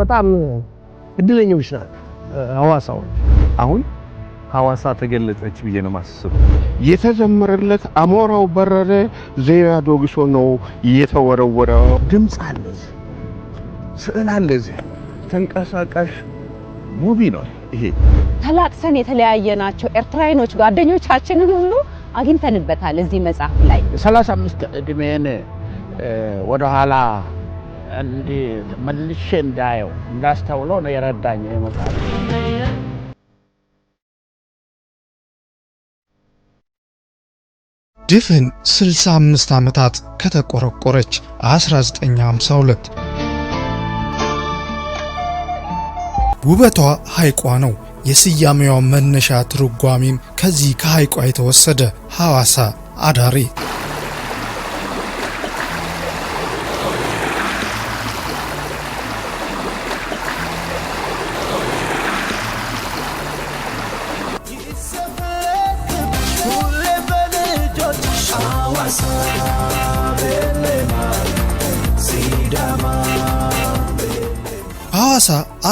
በጣም እድለኞች ናት ሐዋሳዎች። አሁን ሐዋሳ ተገለጸች ብዬ ነው የማስበው። የተዘመረለት አሞራው በረረ ዜና ዶግሶ ነው የተወረወረው። ድምፅ አለ፣ ስዕል አለ፣ እዚህ ተንቀሳቃሽ ሙቪ ነው ይሄ። ተላቅሰን የተለያየ ናቸው ኤርትራኖች ጓደኞቻችንን ሁሉ አግኝተንበታል እዚህ መጽሐፍ ላይ 35 ዕድሜን ወደኋላ መልሼ እንዳየው እንዳስተውለው ነው የረዳኝ መጽሐፍ። ድፍን 65 ዓመታት ከተቆረቆረች 1952 ውበቷ ሐይቋ ነው። የስያሜዋ መነሻ ትርጓሜም ከዚህ ከሐይቋ የተወሰደ ሐዋሳ አዳሪ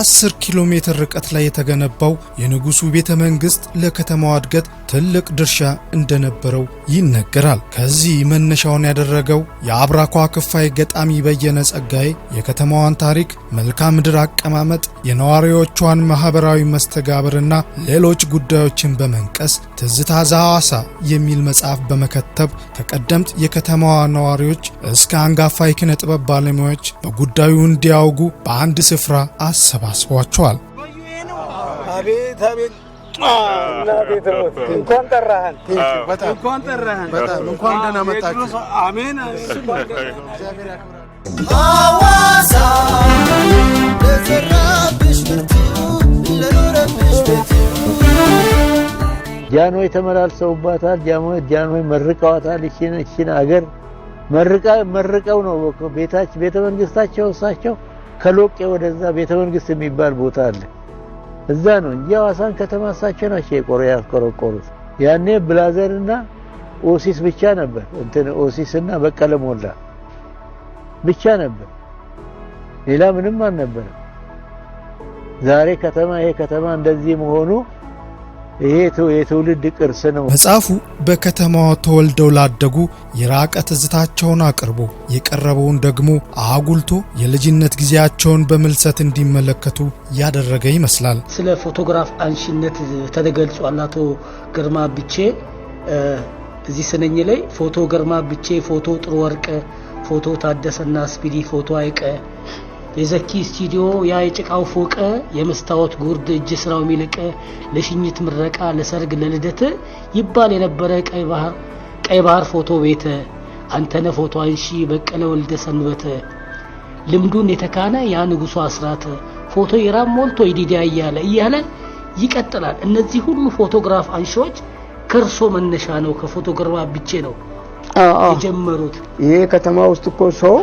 10 ኪሎ ሜትር ርቀት ላይ የተገነባው የንጉሱ ቤተ መንግስት ለከተማዋ እድገት ትልቅ ድርሻ እንደነበረው ይነገራል። ከዚህ መነሻውን ያደረገው የአብራኳ ክፋይ ገጣሚ በየነ ጸጋዬ የከተማዋን ታሪክ፣ መልክዓ ምድር አቀማመጥ፣ የነዋሪዎቿን ማኅበራዊ መስተጋብርና ሌሎች ጉዳዮችን በመንቀስ ትዝታ ዘሐዋሳ የሚል መጽሐፍ በመከተብ ከቀደምት የከተማዋ ነዋሪዎች እስከ አንጋፋ የኪነ ጥበብ ባለሙያዎች በጉዳዩ እንዲያውጉ በአንድ ስፍራ አሰባል አሳስቧቸዋል። አቤት ጃንሆይ ተመላልሰውባታል። ጃንሆይ መርቀዋታል። እሺን እሺን አገር መርቀው ነው ቤታች ቤተ መንግስታቸው እሳቸው ከሎቄ ወደዛ ቤተ መንግስት የሚባል ቦታ አለ። እዛ ነው እንጂ ሐዋሳን ከተማ እሳቸው ናቸው የቆሮ ያስቆረቆሩት። ያኔ ብላዘርና ኦሲስ ብቻ ነበር እንትን ኦሲስና በቀለ ሞላ ብቻ ነበር፣ ሌላ ምንም አልነበረም። ዛሬ ከተማ ይሄ ከተማ እንደዚህ መሆኑ ይሄ የትውልድ ቅርስ ነው። መጽሐፉ በከተማዋ ተወልደው ላደጉ የራቀ ትዝታቸውን አቅርቦ የቀረበውን ደግሞ አጉልቶ የልጅነት ጊዜያቸውን በምልሰት እንዲመለከቱ ያደረገ ይመስላል። ስለ ፎቶግራፍ አንሺነት ተገልጿል። አቶ ግርማ ብቼ እዚህ ስነኝ ላይ ፎቶ ግርማ ብቼ፣ ፎቶ ጥሩ ወርቅ፣ ፎቶ ታደሰና ስፒዲ፣ ፎቶ አይቀ የዘኪ ስቱዲዮ ያ የጭቃው ፎቅ የመስታወት ጉርድ እጅ ስራው የሚልቅ ለሽኝት ምረቃ፣ ለሰርግ፣ ለልደት ይባል የነበረ ቀይ ባህር ፎቶ ቤት አንተነ ፎቶ አንሺ በቀለ ወልደ ሰንበት ልምዱን የተካነ ያ ንጉሱ አስራት ፎቶ ይራም ሞልቶ ይዲዲያ እያለ እያለ ይቀጥላል። እነዚህ ሁሉ ፎቶግራፍ አንሺዎች ከእርሶ መነሻ ነው? ከፎቶግራፍ ብቼ ነው የጀመሩት? ይሄ ከተማ ውስጥ እኮ ሰው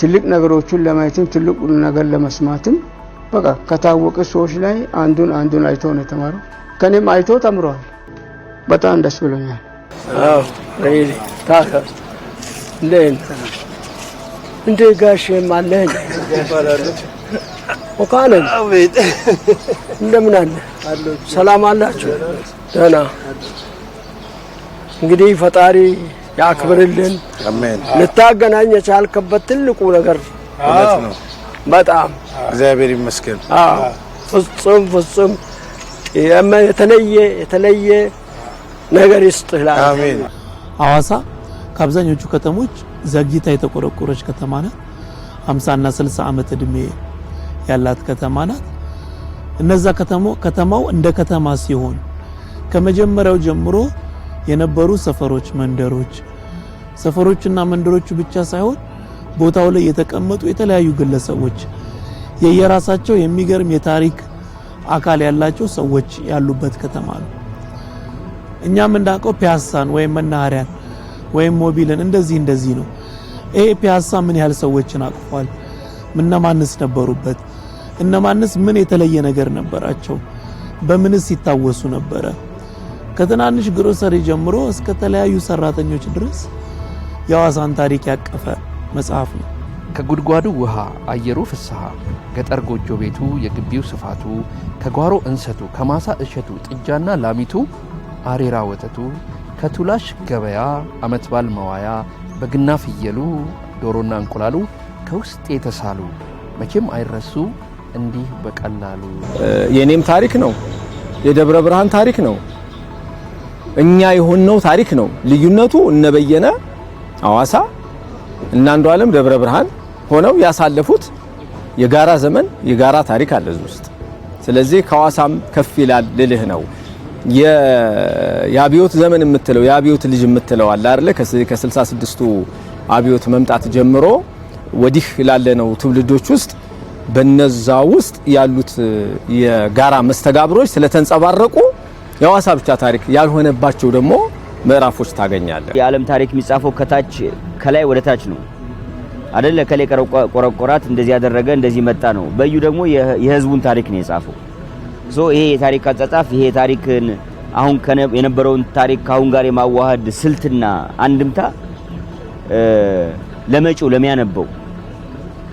ትልቅ ነገሮቹን ለማየትም ትልቁ ነገር ለመስማትም በቃ ከታወቀ ሰዎች ላይ አንዱን አንዱን አይቶ ነው የተማረው። ከኔም አይቶ ተምሯል? በጣም ደስ ብሎኛል። እንደ ጋሽ አለህን ወካለ እንደምን አለ ሰላም አላችሁ? ደህና እንግዲህ ፈጣሪ ያክብርልን። ልታገናኝ የቻልክበት ትልቁ ነገር በጣም እግዚአብሔር ይመስገን። ፍጹም ፍጹም የተለየ የተለየ ነገር ይስጥህ። አሜን። ሐዋሳ ከአብዛኞቹ ከተሞች ዘግይታ የተቆረቆረች ከተማ ናት። 50 እና 60 ዓመት እድሜ ያላት ከተማ ናት። እነዛ ከተማው እንደ ከተማ ሲሆን ከመጀመሪያው ጀምሮ የነበሩ ሰፈሮች፣ መንደሮች ሰፈሮችና መንደሮቹ ብቻ ሳይሆን ቦታው ላይ የተቀመጡ የተለያዩ ግለሰቦች የየራሳቸው የሚገርም የታሪክ አካል ያላቸው ሰዎች ያሉበት ከተማ ነው። እኛም እንዳውቀው ፒያሳን ወይም መናኸሪያን ወይም ሞቢልን እንደዚህ እንደዚህ ነው። ይሄ ፒያሳ ምን ያህል ሰዎችን አቅፏል? እነማንስ ነበሩበት? እነማንስ ምን የተለየ ነገር ነበራቸው? በምንስ ይታወሱ ነበረ? ከትናንሽ ግሮሰሪ ጀምሮ እስከ ተለያዩ ሰራተኞች ድረስ የሐዋሳን ታሪክ ያቀፈ መጽሐፍ ነው። ከጉድጓዱ ውሃ፣ አየሩ ፍስሐ፣ ገጠር ጎጆ ቤቱ፣ የግቢው ስፋቱ፣ ከጓሮ እንሰቱ፣ ከማሳ እሸቱ፣ ጥጃና ላሚቱ፣ አሬራ ወተቱ፣ ከቱላሽ ገበያ፣ አመት ባል መዋያ፣ በግና ፍየሉ፣ ዶሮና እንቁላሉ ከውስጥ የተሳሉ መቼም አይረሱ እንዲህ በቀላሉ። የእኔም ታሪክ ነው። የደብረ ብርሃን ታሪክ ነው። እኛ የሆነው ታሪክ ነው። ልዩነቱ እነበየነ አዋሳ እና አንዱ ዓለም ደብረ ብርሃን ሆነው ያሳለፉት የጋራ ዘመን የጋራ ታሪክ አለ እዚህ ውስጥ። ስለዚህ ከአዋሳም ከፍ ይላል ልልህ ነው። የአብዮት ዘመን የምትለው የአብዮት ልጅ የምትለው አለ አይደለ? ከ66ቱ አብዮት መምጣት ጀምሮ ወዲህ ላለነው ትውልዶች ውስጥ በነዛ ውስጥ ያሉት የጋራ መስተጋብሮች ስለተንጸባረቁ የአዋሳ ብቻ ታሪክ ያልሆነባቸው ደግሞ ምዕራፎች ታገኛለህ። የዓለም ታሪክ የሚጻፈው ከታች ከላይ ወደ ታች ነው አደለ? ከላይ ቆረቆራት፣ እንደዚህ ያደረገ፣ እንደዚህ መጣ ነው። በዩ ደግሞ የህዝቡን ታሪክ ነው የጻፈው። ሶ ይሄ የታሪክ አጻጻፍ ይሄ ታሪክን አሁን የነበረውን ታሪክ ከአሁን ጋር የማዋሃድ ስልትና አንድምታ ለመጪው ለሚያነበው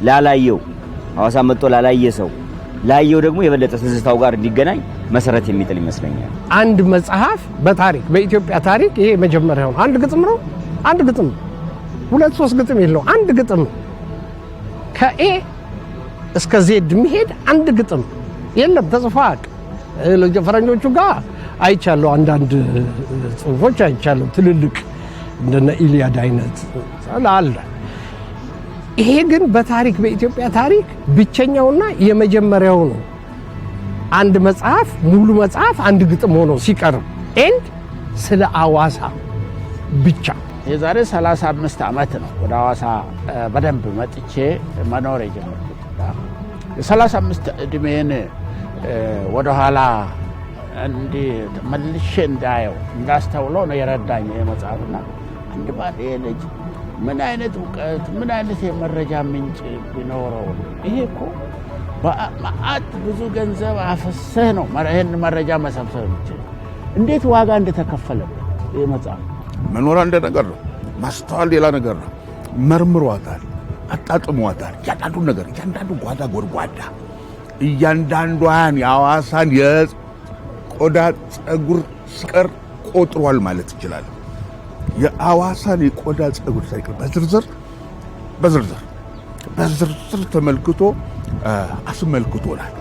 ላላየው ሐዋሳ መጥቶ ላላየ ሰው ላየው ደግሞ የበለጠ ትዝታው ጋር እንዲገናኝ መሰረት የሚጥል ይመስለኛል። አንድ መጽሐፍ በታሪክ በኢትዮጵያ ታሪክ ይሄ መጀመሪያው ነው። አንድ ግጥም ነው። አንድ ግጥም ሁለት ሶስት ግጥም የለው። አንድ ግጥም ከኤ እስከ ዜድ የሚሄድ አንድ ግጥም የለም ተጽፎ አያውቅም። ፈረንጆቹ ጋር አይቻለሁ፣ አንዳንድ ጽሁፎች አይቻለሁ። ትልልቅ እንደነ ኢልያድ አይነት አለ ይሄ ግን በታሪክ በኢትዮጵያ ታሪክ ብቸኛውና የመጀመሪያው ነው። አንድ መጽሐፍ ሙሉ መጽሐፍ አንድ ግጥም ሆኖ ሲቀርብ ኤንድ ስለ አዋሳ ብቻ የዛሬ 35 ዓመት ነው ወደ አዋሳ በደንብ መጥቼ መኖር የጀመርኩት። የ35 ዕድሜን ወደኋላ መልሼ እንዳየው እንዳስተውለው ነው የረዳኝ መጽሐፍና አንድ ባንድ ልጅ ምን አይነት እውቀት ምን አይነት የመረጃ ምንጭ ቢኖረው ይሄ እኮ በመዓት ብዙ ገንዘብ አፈሰህ ነው ይህን መረጃ መሰብሰብ የሚችል እንዴት ዋጋ እንደተከፈለበት ይህ መጽሐፍ መኖር አንድ ነገር ነው ማስተዋል ሌላ ነገር ነው መርምሯታል አጣጥሟታል እያንዳንዱ ነገር እያንዳንዱ ጓዳ ጎድጓዳ እያንዳንዷን የአዋሳን የቆዳ ፀጉር ስቀር ቆጥሯል ማለት ይችላል የአዋሳን የቆዳ ጸጉር ሳይቀር በዝርዝር በዝርዝር በዝርዝር ተመልክቶ አስመልክቶናል።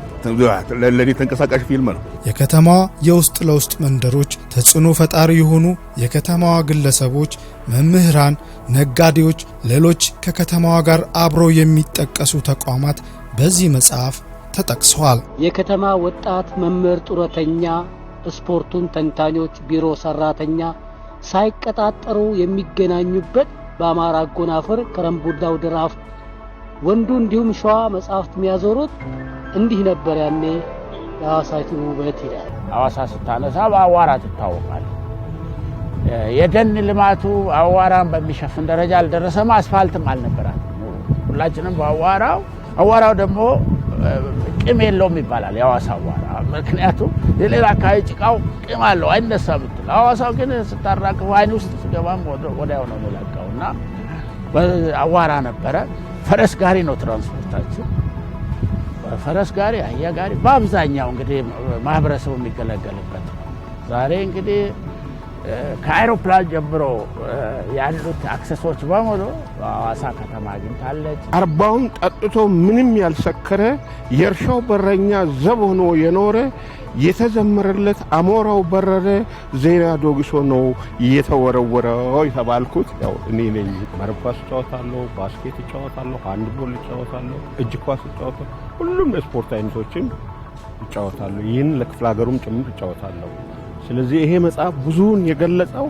ለእኔ ተንቀሳቃሽ ፊልም ነው። የከተማዋ የውስጥ ለውስጥ መንደሮች ተጽዕኖ ፈጣሪ የሆኑ የከተማዋ ግለሰቦች፣ መምህራን፣ ነጋዴዎች፣ ሌሎች ከከተማዋ ጋር አብረው የሚጠቀሱ ተቋማት በዚህ መጽሐፍ ተጠቅሰዋል። የከተማ ወጣት፣ መምህር፣ ጡረተኛ፣ ስፖርቱን ተንታኞች፣ ቢሮ ሰራተኛ ሳይቀጣጠሩ የሚገናኙበት በአማራ አጎናፍር ወደ ራፍ ወንዱ እንዲሁም ሸዋ መጽሐፍት የሚያዞሩት እንዲህ ነበር። ያኔ የሐዋሳችን ውበት ይላል። አዋሳ ስታነሳ በአዋራ ትታወቃል። የደን ልማቱ አዋራን በሚሸፍን ደረጃ አልደረሰም፣ አስፋልትም አልነበራት። ሁላችንም በአዋራው አዋራው ደግሞ ቂም የለውም ይባላል የአዋሳ አቧራ። ምክንያቱም የሌላ አካባቢ ጭቃው ቂም አለው አይነሳ ብትል፣ አዋሳው ግን ስታራቅፈው ዓይን ውስጥ ስገባም ወዲያው ነው የሚለቀው እና አዋራ ነበረ። ፈረስ ጋሪ ነው ትራንስፖርታችን። ፈረስ ጋሪ፣ አህያ ጋሪ በአብዛኛው እንግዲህ ማህበረሰቡ የሚገለገልበት ዛሬ እንግዲህ ከአይሮፕላን ጀምሮ ያሉት አክሰሶች በሙሉ በአዋሳ ከተማ አግኝታለች። አርባውን ጠጥቶ ምንም ያልሰከረ የእርሻው በረኛ ዘብ ሆኖ የኖረ የተዘመረለት አሞራው በረረ ዜና ዶግሶ ነው እየተወረወረው የተባልኩት ያው እኔ ነኝ። መረብ ኳስ እጫወታለሁ፣ ባስኬት እጫወታለሁ፣ አንድ እጫወታለሁ፣ እጅ ኳስ እጫወታለሁ። ሁሉም የስፖርት አይነቶችን እጫወታለሁ። ይህን ለክፍለ ሀገሩም ጭምር እጫወታለሁ። ስለዚህ ይሄ መጽሐፍ ብዙውን የገለጸው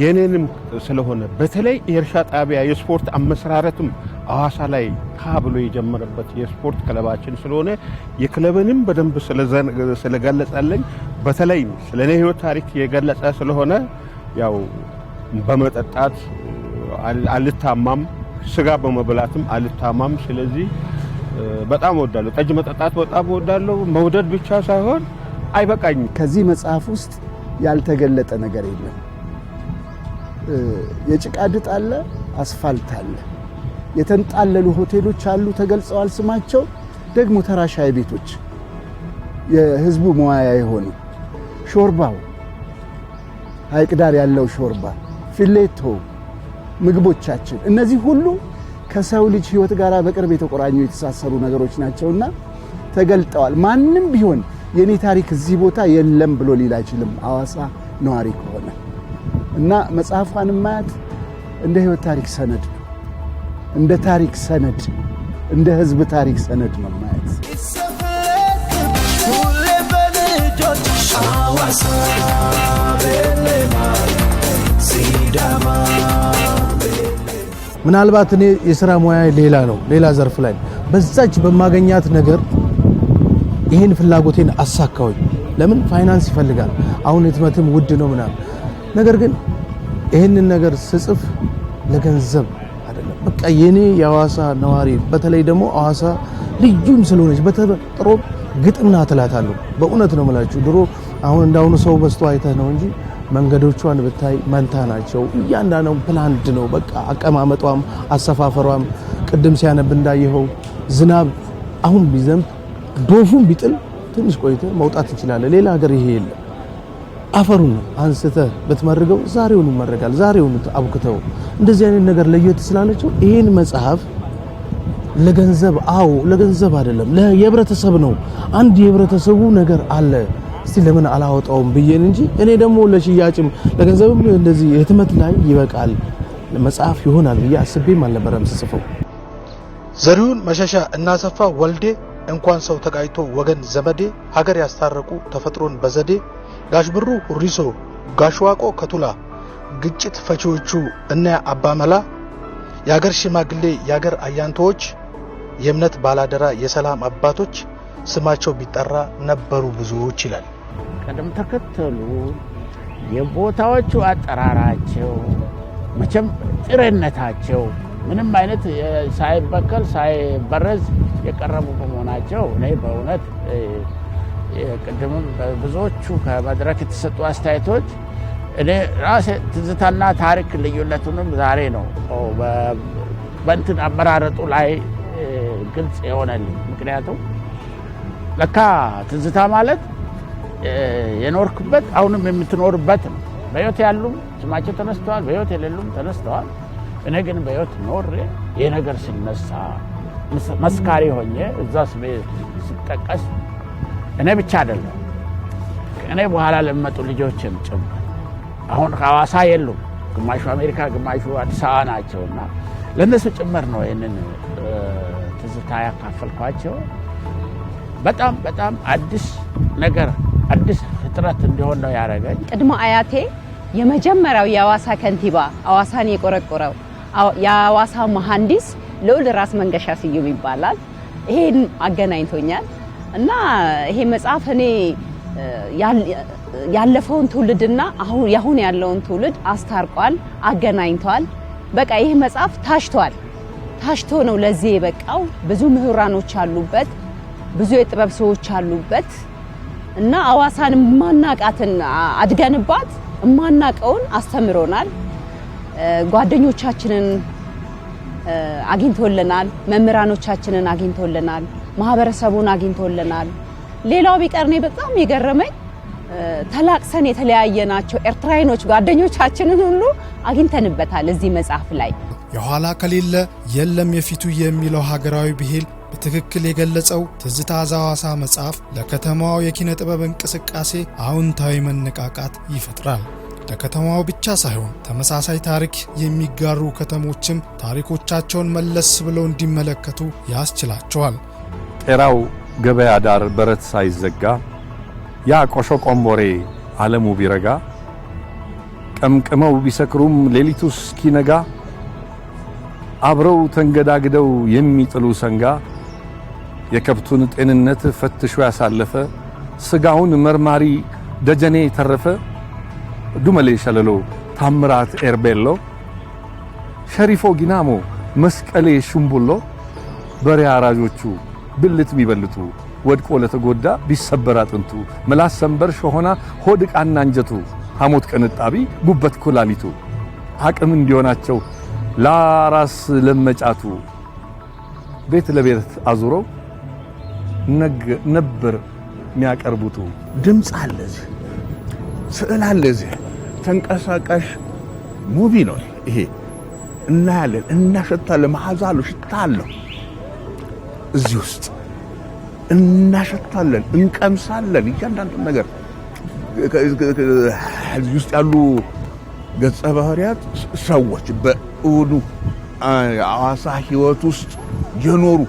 የኔንም ስለሆነ በተለይ የእርሻ ጣቢያ የስፖርት አመሰራረትም አዋሳ ላይ ካ ብሎ የጀመረበት የስፖርት ክለባችን ስለሆነ የክለብንም በደንብ ስለገለጸልኝ በተለይ ስለ እኔ ህይወት ታሪክ የገለጸ ስለሆነ ያው በመጠጣት አልታማም፣ ስጋ በመብላትም አልታማም። ስለዚህ በጣም እወዳለሁ። ጠጅ መጠጣት በጣም እወዳለሁ። መውደድ ብቻ ሳይሆን አይበቃኝም። ከዚህ መጽሐፍ ውስጥ ያልተገለጠ ነገር የለም። የጭቃ ድጥ አለ፣ አስፋልት አለ፣ የተንጣለሉ ሆቴሎች አሉ፣ ተገልጸዋል ስማቸው ደግሞ ተራ ሻይ ቤቶች የህዝቡ መዋያ የሆኑ ሾርባው፣ ሐይቅ ዳር ያለው ሾርባ፣ ፊሌቶ ምግቦቻችን፣ እነዚህ ሁሉ ከሰው ልጅ ህይወት ጋር በቅርብ የተቆራኙ የተሳሰሩ ነገሮች ናቸውና ተገልጠዋል። ማንም ቢሆን የኔ ታሪክ እዚህ ቦታ የለም ብሎ ሊል አይችልም አዋሳ ነዋሪ ከሆነ እና መጽሐፏን ማያት እንደ ህይወት ታሪክ ሰነድ ነው። እንደ ታሪክ ሰነድ፣ እንደ ህዝብ ታሪክ ሰነድ ነው ማያት። ምናልባት እኔ የሥራ ሙያ ሌላ ነው ሌላ ዘርፍ ላይ በዛች በማገኛት ነገር ይህን ፍላጎቴን አሳካሁኝ። ለምን ፋይናንስ ይፈልጋል። አሁን ህትመትም ውድ ነው ምናምን። ነገር ግን ይህንን ነገር ስጽፍ ለገንዘብ አይደለም። በቃ የኔ የሐዋሳ ነዋሪ በተለይ ደግሞ ሐዋሳ ልዩም ስለሆነች በተፈጥሮ ግጥም ናት እላታለሁ። በእውነት ነው የምላችሁ። ድሮ አሁን እንዳሁኑ ሰው በዝቶ አይተህ ነው እንጂ መንገዶቿን ብታይ መንታ ናቸው። እያንዳንዱ ፕላንድ ነው። በቃ አቀማመጧም አሰፋፈሯም ቅድም ሲያነብ እንዳየኸው ዝናብ አሁን ቢዘንብ ዶፉን ቢጥል ትንሽ ቆይተ መውጣት ትችላለህ። ሌላ ሀገር ይሄ የለም። አፈሩን አንስተ ብትመርገው ዛሬውን ይመረጋል። ዛሬውን አቡክተው እንደዚህ አይነት ነገር ለየት ስላለችው ይሄን መጽሐፍ ለገንዘብ አዎ፣ ለገንዘብ አይደለም የህብረተሰብ ነው። አንድ የህብረተሰቡ ነገር አለ እስቲ ለምን አላወጣውም ብዬን እንጂ እኔ ደግሞ ለሽያጭም ለገንዘብም እንደዚህ ህትመት ላይ ይበቃል መጽሐፍ ይሆናል ብዬ አስቤም አልነበረም ስጽፈው። ዘሪሁን መሸሻ እናሰፋ ወልዴ እንኳን ሰው ተጋይቶ ወገን ዘመዴ ሀገር ያስታረቁ ተፈጥሮን በዘዴ ጋሽ ብሩ ሁሪሶ፣ ጋሽ ዋቆ ከቱላ ግጭት ፈቺዎቹ እነ አባመላ የአገር ሽማግሌ የአገር አያንቶዎች የእምነት ባላደራ የሰላም አባቶች ስማቸው ቢጠራ ነበሩ ብዙዎች ይላል። ቅደም ተከተሉ የቦታዎቹ አጠራራቸው መቼም ጥሬነታቸው ምንም አይነት ሳይበከል ሳይበረዝ የቀረቡ በመሆናቸው እኔ በእውነት ቅድምም ብዙዎቹ ከመድረክ የተሰጡ አስተያየቶች እኔ ራሴ ትዝታና ታሪክ ልዩነቱንም ዛሬ ነው በእንትን አመራረጡ ላይ ግልጽ የሆነልኝ። ምክንያቱም ለካ ትዝታ ማለት የኖርክበት አሁንም የምትኖርበት ነው። በህይወት ያሉም ስማቸው ተነስተዋል፣ በህይወት የሌሉም ተነስተዋል። እኔ ግን በህይወት ኖሬ ይህ ነገር ሲነሳ መስካሪ ሆኜ እዛ ስሜ ስጠቀስ እኔ ብቻ አይደለም ከእኔ በኋላ ለሚመጡ ልጆችን ጭምር አሁን ሐዋሳ የሉም፣ ግማሹ አሜሪካ፣ ግማሹ አዲስ አበባ ናቸውና ለእነሱ ጭምር ነው ይህንን ትዝታ ያካፈልኳቸው። በጣም በጣም አዲስ ነገር አዲስ ፍጥረት እንዲሆን ነው ያደረገኝ። ቅድመ አያቴ የመጀመሪያው የአዋሳ ከንቲባ አዋሳን የቆረቆረው የአዋሳ መሐንዲስ ልዑል ራስ መንገሻ ስዩም ይባላል። ይሄን አገናኝቶኛል እና ይሄ መጽሐፍ እኔ ያለፈውን ትውልድና አሁን ያሁን ያለውን ትውልድ አስታርቋል፣ አገናኝቷል። በቃ ይህ መጽሐፍ ታሽቷል። ታሽቶ ነው ለዚህ የበቃው። ብዙ ምሁራኖች አሉበት፣ ብዙ የጥበብ ሰዎች አሉበት እና አዋሳን ማናቃትን አድገንባት እማናቀውን አስተምሮናል። ጓደኞቻችንን አግኝቶልናል። መምህራኖቻችንን አግኝቶልናል። ማህበረሰቡን አግኝቶልናል። ሌላው ቢቀር እኔ በጣም የገረመኝ ተላቅሰን የተለያየ ናቸው ኤርትራይኖች ጓደኞቻችንን ሁሉ አግኝተንበታል እዚህ መጽሐፍ ላይ። የኋላ ከሌለ የለም የፊቱ የሚለው ሀገራዊ ብሂል በትክክል የገለጸው ትዝታ ዘሐዋሳ መጽሐፍ ለከተማው የኪነ ጥበብ እንቅስቃሴ አዎንታዊ መነቃቃት ይፈጥራል። ለከተማው ብቻ ሳይሆን ተመሳሳይ ታሪክ የሚጋሩ ከተሞችም ታሪኮቻቸውን መለስ ብለው እንዲመለከቱ ያስችላቸዋል። ጤራው ገበያ ዳር በረት ሳይዘጋ ያ ቆሾ ቆምቦሬ ዓለሙ ቢረጋ ቀምቅመው ቢሰክሩም ሌሊቱ እስኪነጋ አብረው ተንገዳግደው የሚጥሉ ሰንጋ የከብቱን ጤንነት ፈትሾ ያሳለፈ ስጋውን መርማሪ ደጀኔ ተረፈ ዱመሌ ሸለሎ ታምራት ኤርቤሎ ሸሪፎ ጊናሞ መስቀሌ ሹምቡሎ በሬ አራጆቹ ብልት ቢበልቱ ወድቆ ለተጎዳ ቢሰበር አጥንቱ ምላስ ሰንበርሽ ሆና ሆድቃና ዕቃና እንጀቱ ሐሞት ቅንጣቢ ጉበት ኩላሊቱ አቅም እንዲሆናቸው ላራስ ለመጫቱ ቤት ለቤት አዙረው ነበር የሚያቀርቡቱ ድምፅ አለ እዚህ ስዕል አለ እዚህ ተንቀሳቃሽ ሙቪ ነው ይሄ። እናያለን፣ እናሸታለን። መዓዛ አለው፣ ሽታ አለው። እዚህ ውስጥ እናሸታለን፣ እንቀምሳለን እያንዳንዱ ነገር። እዚህ ውስጥ ያሉ ገጸ ባህሪያት ሰዎች በእውኑ አዋሳ ህይወት ውስጥ የኖሩ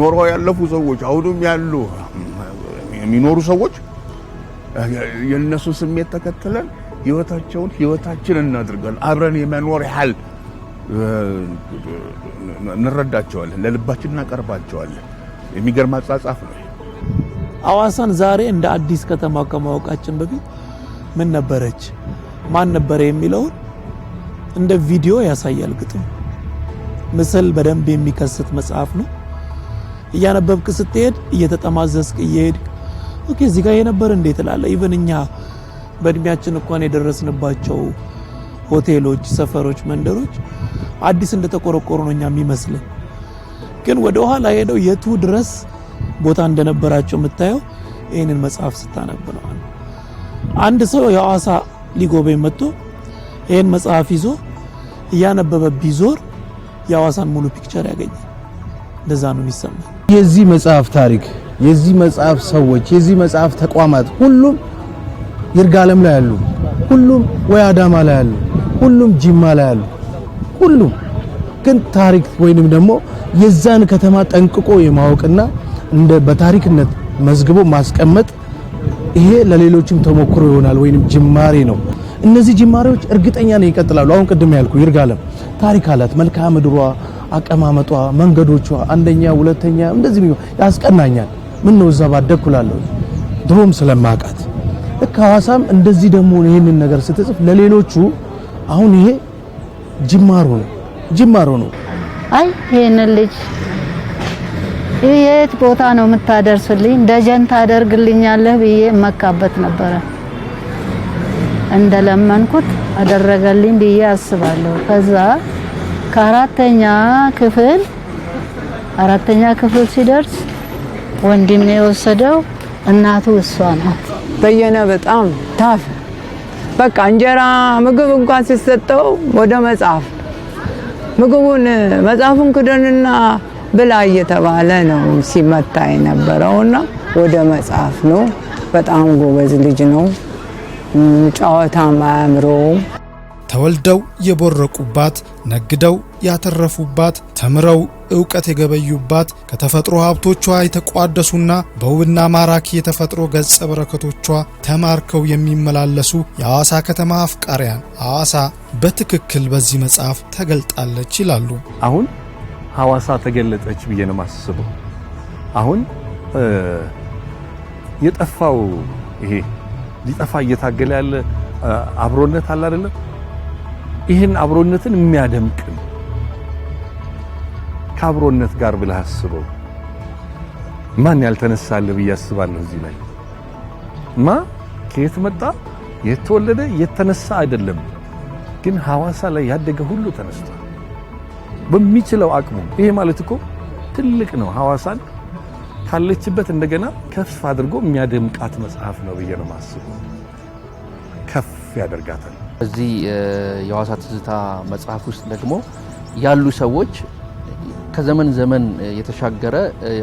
ኖሮ ያለፉ ሰዎች አሁንም ያሉ የሚኖሩ ሰዎች የእነሱን ስሜት ተከትለን ህይወታቸውን ህይወታችን እናድርገን አብረን የመኖር ያህል እንረዳቸዋለን፣ ለልባችን እናቀርባቸዋለን። የሚገርም አጻጻፍ ነው። አዋሳን ዛሬ እንደ አዲስ ከተማ ከማወቃችን በፊት ምን ነበረች፣ ማን ነበረ የሚለውን እንደ ቪዲዮ ያሳያል ግጥም። ምስል በደንብ የሚከስት መጽሐፍ ነው። እያነበብክ ስትሄድ እየተጠማዘስክ እየሄድክ ኦኬ እዚህ ጋር የነበር እንዴት ላለ ኢቨን እኛ በእድሜያችን እንኳን የደረስንባቸው ሆቴሎች፣ ሰፈሮች፣ መንደሮች አዲስ እንደተቆረቆሩ ነው እኛ የሚመስልን። ግን ወደ ኋላ ሄደው የቱ ድረስ ቦታ እንደነበራቸው የምታየው ይህንን መጽሐፍ ስታነብ ነው። አንድ ሰው የሐዋሳ ሊጎበኝ መጥቶ ይህን መጽሐፍ ይዞ እያነበበ ቢዞር የሐዋሳን ሙሉ ፒክቸር ያገኛል። እንደዛ ነው የሚሰማ። የዚህ መጽሐፍ ታሪክ፣ የዚህ መጽሐፍ ሰዎች፣ የዚህ መጽሐፍ ተቋማት ሁሉም ይርጋለም ላይ ያሉ ሁሉም ወይ አዳማ ላይ ያሉ ሁሉም ጅማ ላይ ያሉ ሁሉም ግን ታሪክ ወይንም ደግሞ የዛን ከተማ ጠንቅቆ የማወቅና እንደ በታሪክነት መዝግቦ ማስቀመጥ ይሄ ለሌሎችም ተሞክሮ ይሆናል ወይንም ጅማሬ ነው። እነዚህ ጅማሬዎች እርግጠኛ ነው ይቀጥላሉ። አሁን ቅድም ያልኩ ይርጋለም ታሪክ አላት። መልክዓ ምድሯ፣ አቀማመጧ፣ መንገዶቿ አንደኛ ሁለተኛ እንደዚህ ያስቀናኛል። ምን ነው እዛ ባደኩላለሁ ድሮም ስለማቃት ልክ ሐዋሳም እንደዚህ ደግሞ ይህንን ነገር ስትጽፍ ለሌሎቹ አሁን ይሄ ጅማሮ ነው ጅማሮ ነው። አይ ይህንን ልጅ የት ቦታ ነው የምታደርስልኝ ደጀን ታደርግልኛለህ ብዬ እመካበት ነበረ። እንደለመንኩት አደረገልኝ ብዬ አስባለሁ። ከዛ ከአራተኛ ክፍል አራተኛ ክፍል ሲደርስ ወንድሜ የወሰደው እናቱ እሷ ናት። በየነ በጣም ታፍ በቃ እንጀራ ምግብ እንኳን ሲሰጠው ወደ መጽሐፍ ምግቡን መጽሐፉን ክደንና ብላ እየተባለ ነው ሲመታ የነበረውና ወደ መጽሐፍ ነው። በጣም ጎበዝ ልጅ ነው። ጨዋታም አያምረውም። ተወልደው የቦረቁባት፣ ነግደው ያተረፉባት፣ ተምረው እውቀት የገበዩባት ከተፈጥሮ ሀብቶቿ የተቋደሱና በውብና ማራኪ የተፈጥሮ ገጸ በረከቶቿ ተማርከው የሚመላለሱ የሐዋሳ ከተማ አፍቃሪያን ሐዋሳ በትክክል በዚህ መጽሐፍ ተገልጣለች ይላሉ። አሁን ሐዋሳ ተገለጠች ብዬ ነው የማስበው። አሁን የጠፋው ይሄ ሊጠፋ እየታገለ ያለ አብሮነት አለ አይደለም ይህን አብሮነትን የሚያደምቅ ከአብሮነት ጋር ብለህ አስበው። ማን ያልተነሳልህ ብዬ አስባለሁ። እዚህ ላይ ማ ከየት መጣ የተወለደ የተነሳ አይደለም፣ ግን ሐዋሳ ላይ ያደገ ሁሉ ተነስቷል በሚችለው አቅሙ። ይሄ ማለት እኮ ትልቅ ነው። ሐዋሳን ካለችበት እንደገና ከፍ አድርጎ የሚያደምቃት መጽሐፍ ነው ብዬ ነው ማስቡ። ከፍ ያደርጋታል። በዚህ የሐዋሳ ትዝታ መጽሐፍ ውስጥ ደግሞ ያሉ ሰዎች ከዘመን ዘመን የተሻገረ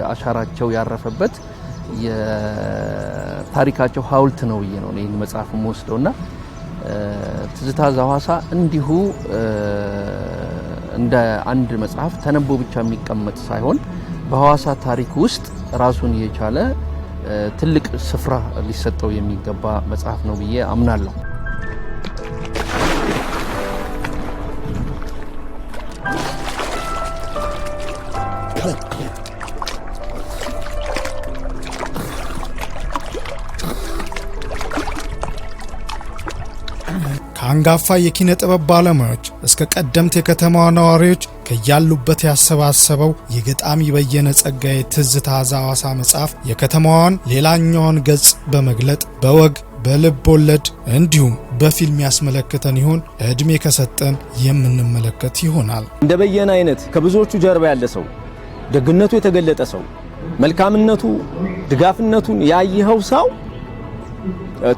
አሻራቸው ያረፈበት የታሪካቸው ሐውልት ነው ብዬ ነው ይህን መጽሐፍ የምወስደው እና ትዝታ ዘሐዋሳ እንዲሁ እንደ አንድ መጽሐፍ ተነቦ ብቻ የሚቀመጥ ሳይሆን በሐዋሳ ታሪክ ውስጥ ራሱን የቻለ ትልቅ ስፍራ ሊሰጠው የሚገባ መጽሐፍ ነው ብዬ አምናለሁ። ከአንጋፋ የኪነ ጥበብ ባለሙያዎች እስከ ቀደምት የከተማዋ ነዋሪዎች ከያሉበት ያሰባሰበው የገጣሚ በየነ ጸጋዬ ትዝታ ዘሐዋሳ መጽሐፍ የከተማዋን ሌላኛውን ገጽ በመግለጥ በወግ በልብ ወለድ እንዲሁም በፊልም ያስመለክተን ይሆን እድሜ ከሰጠን የምንመለከት ይሆናል። እንደ በየነ አይነት ከብዙዎቹ ጀርባ ያለ ሰው፣ ደግነቱ የተገለጠ ሰው፣ መልካምነቱ ድጋፍነቱን ያየኸው ሰው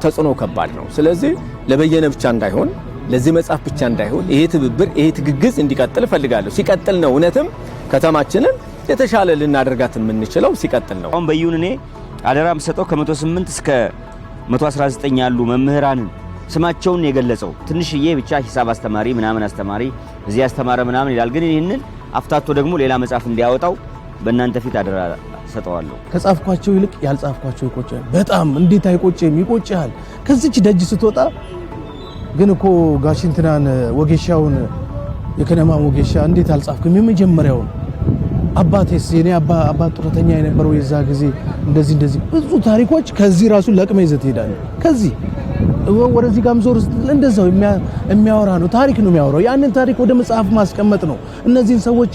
ተጽዕኖ ከባድ ነው። ስለዚህ ለበየነ ብቻ እንዳይሆን ለዚህ መጽሐፍ ብቻ እንዳይሆን ይሄ ትብብር ይሄ ትግግዝ እንዲቀጥል እፈልጋለሁ። ሲቀጥል ነው እውነትም ከተማችንን የተሻለ ልናደርጋት የምንችለው ሲቀጥል ነው። አሁን በዩን እኔ አደራ የምሰጠው ከ108 እስከ 119 ያሉ መምህራንን ስማቸውን የገለጸው ትንሽዬ ብቻ ሂሳብ አስተማሪ ምናምን አስተማሪ እዚህ አስተማረ ምናምን ይላል። ግን ይህንን አፍታቶ ደግሞ ሌላ መጽሐፍ እንዲያወጣው በእናንተ ፊት አደራ ሰጠዋለሁ። ከጻፍኳቸው ይልቅ ያልጻፍኳቸው ይቆጫል። በጣም እንዴት አይቆጭም? ይቆጭሃል። ከዚች ደጅ ስትወጣ ግን እኮ ጋሽንትናን ወጌሻውን የከነማ ወጌሻ እንዴት አልጻፍክም? የመጀመሪያውን አባቴስ የኔ አባት ጡረተኛ የነበረው የዛ ጊዜ እንደዚህ እንደዚህ ብዙ ታሪኮች ከዚህ ራሱ ለቅመ ይዘት ይሄዳል። ከዚህ ወደዚህ ጋም ዞር እንደዛው የሚያወራ ነው፣ ታሪክ ነው የሚያወራው። ያንን ታሪክ ወደ መጽሐፍ ማስቀመጥ ነው። እነዚህን ሰዎች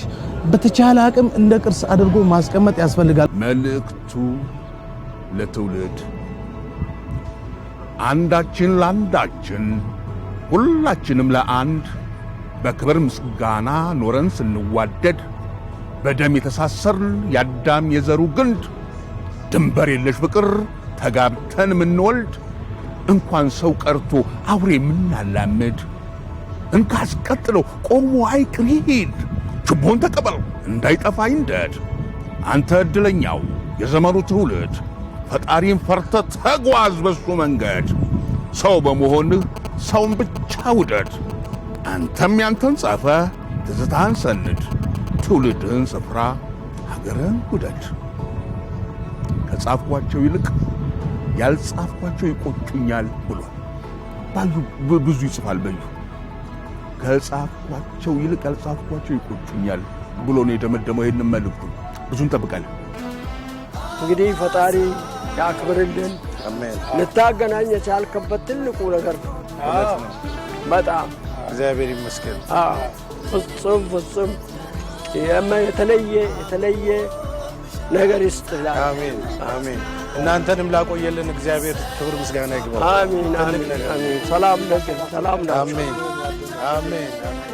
በተቻለ አቅም እንደ ቅርስ አድርጎ ማስቀመጥ ያስፈልጋል። መልእክቱ ለትውልድ አንዳችን ለአንዳችን ሁላችንም ለአንድ በክብር ምስጋና ኖረን ስንዋደድ በደም የተሳሰርን ያዳም የዘሩ ግንድ ድንበር የለሽ ፍቅር ተጋብተን የምንወልድ እንኳን ሰው ቀርቶ አውሬ የምናላምድ እንካ አስቀጥለው ቆሞ አይቅር ይሂድ ችቦን ተቀበል፣ እንዳይጠፋ ይንደድ። አንተ ዕድለኛው የዘመኑ ትውልድ ፈጣሪን ፈርተ ተጓዝ በሱ መንገድ። ሰው በመሆንህ ሰውን ብቻ ውደድ። አንተም ያንተን ጻፈ ትዝታህን ሰንድ፣ ትውልድህን ስፍራ ሀገርህን ውደድ። ከጻፍኳቸው ይልቅ ያልጻፍኳቸው ይቆጩኛል ብሎ ብዙ ይጽፋል በዩ ከጻፍኳቸው ይልቅ ያልጻፍኳቸው ይቆጩኛል ብሎ ነው የደመደመው። ይህን መልእክቱን ብዙ እንጠብቃለን። እንግዲህ ፈጣሪ ያክብርልን። ልታገናኝ የቻልከበት ትልቁ ነገር በጣም እግዚአብሔር ይመስገን። ፍጹም ፍጹም የተለየ የተለየ ነገር ይስጥላል። አሜን አሜን። እናንተንም ላቆየልን እግዚአብሔር ክብር ምስጋና ይግባል። አሜን አሜን። ሰላም ለግል ሰላም። አሜን Amém. Amém.